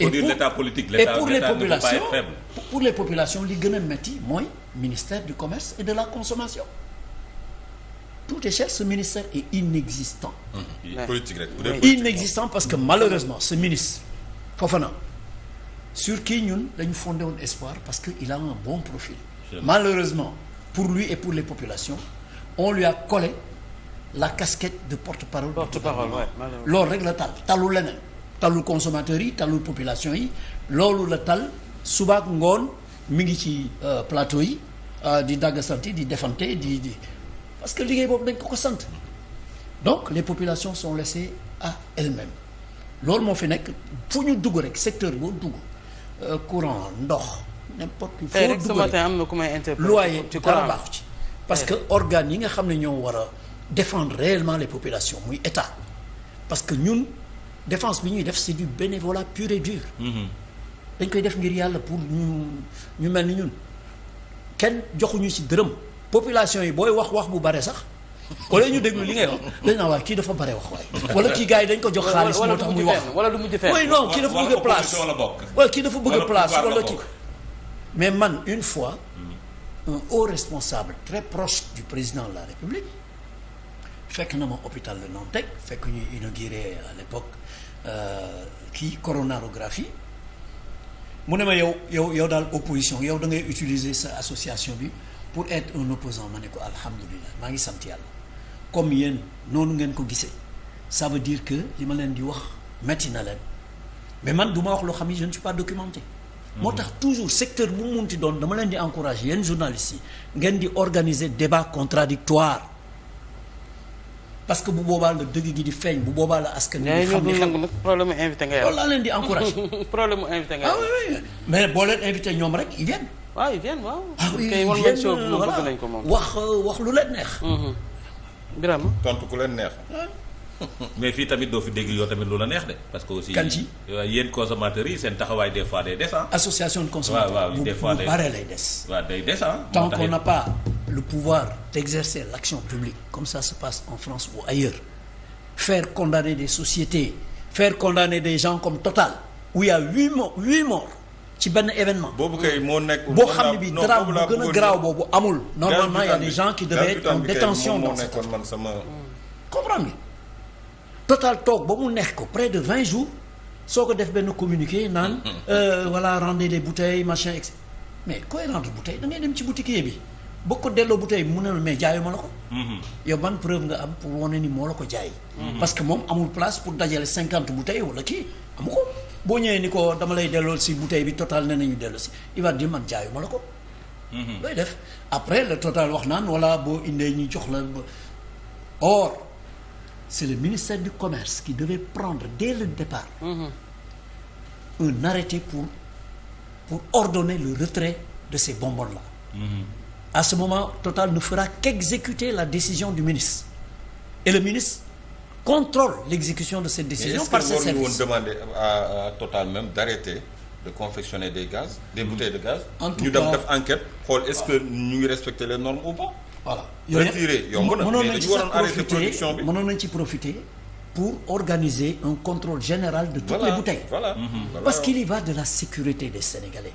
il faut dire l'état politique l'état pour les populations les populations li gën a metti mooy ministère du commerce et de la consommation tout est cher ce ministère est inexistant politique parce que malheureusement ce ministre na sur kii ñun dañu fondé woon espoir parce que il a un bon profil malheureusement pour lui et pour les populations on lui a collé la casquette de porte-parole porte-parole loolu rek la talu leneen talul consommateurs yi talul population yi loolu la tal subaak ngoon mi ngi ci euh, plateau yi euh, di dagg santi di defante di di parce que liggéey boobu dañ ko ko sant donc les populations sont laissées à elles-mêmes loolu moo fi nekk fu ñu dugg rek secteur boo dugg euh, courant ndox n'importe foo eh, dugg rek am na ku may interpellé loyer baaxu ci parce eh. que organes yi nga xam ne ñoo war a défendre réellement les populations muy état parce que ñun défense bi ñuy def c'est du bénévolat pur et mhm. dañ koy def ngir yàlla pour ñu ñu mel ni ñun kenn joxuñu ci dërëm population yi booy wax wax bu bare sax. wala ñu déglu li ngay wax dañ naa waaye kii dafa bare wax waaye. wala kii gars yi dañ ko jox xaalis moo tax muy wax wala du mujj fenn wala non kii dafa bëgg place wala kii dafa bëgg place wala kii. mais man une fois mhm. un haut responsable très proche du président de la République. fekk na ma hôpital Le Dantec fekk ñuy inauguré à l'époque euh, kii euh, coronarographie mu ne ma yow yow yow daal opposition yow dangay utiliser sa association bi pour être un opposant ma ne ko alhamdulilah maa ngi sant yàlla comme yéen noonu ngeen ko gisee ça veut dire que li ma leen di wax metti na leen mais man du ma wax loo xam ni je ne suis pas documenté mhm. moo tax toujours secteur bu mu munti doon dama leen di encourager yéen journalistes yi ngeen di organiser débat contradictoire parce que bu boobaa la dégg gi di feeñ bu boobaa la askan wi. xam ni xam problème invité nga problème invité nga ah oui rek ils viennent. waaw ah, ils viennent waaw. Ah nañ ko moom wax wax lu leen neex. Mhm. Birame. tontu ku leen neex. Ah. mais fii doo fi dégg yoo tamit lu la neex que aussi kan ci euh, yéen seen taxawaay des fois de consommateurs. waaw waaw des lay des. waaw day n'a pas. le pouvoir d'exercer l'action publique, comme ça se passe en France ou ailleurs, faire condamner des sociétés, faire condamner des gens comme Total, où il huit morts, ci benn événement. boobu kay moo nekk. boo xam ne bii drap bu gën a garaaw boobu amul. normalement il des gens qui devaient en détention dans ce cas man sama. comprendre nga Total toog ba mu neex ko près de vingt jours soo ko def benn communiqué naan. Mm-hmm. Euh, voilà rendez les bouteilles machin et mais koy bi. boo ko delloo bu tey mu ne mais jaayu ma la ko. Mhm. yow ban preuve nga am pour wane ni moo la ko jaay. Mhm. parce que moom amul place pour dajale cinquante bouteilles wala kii amu boo ñëwee ni ko dama lay delloo si bouteille bi total ne nañu delloo si il va dire man jaayu ma la ko. Mhm. looy def après le total wax naan wala boo indee ñu jox la or c'est le ministère du commerce qui devait prendre dès le départ. un arrêté pour pour le retrait de ces bonbons la à ce moment Total ne fera qu'exécuter la décision du ministre et le ministre contrôle l'exécution de cette décision par ce que waruñu woon demander à, à Total d'arrêter de confectionner des gaz des mm. bouteilles de gaz. en tout ñu dem enquête xool est-ce que ñu ngi respecter les normes ou pas. voilà na mais dañu waroon arrêter production bi nañ ci profiter pour organiser un contrôle général de toutes voilà, les bouteilles. Voilà, mmh. parce qu'il y va de la sécurité des Sénégalais.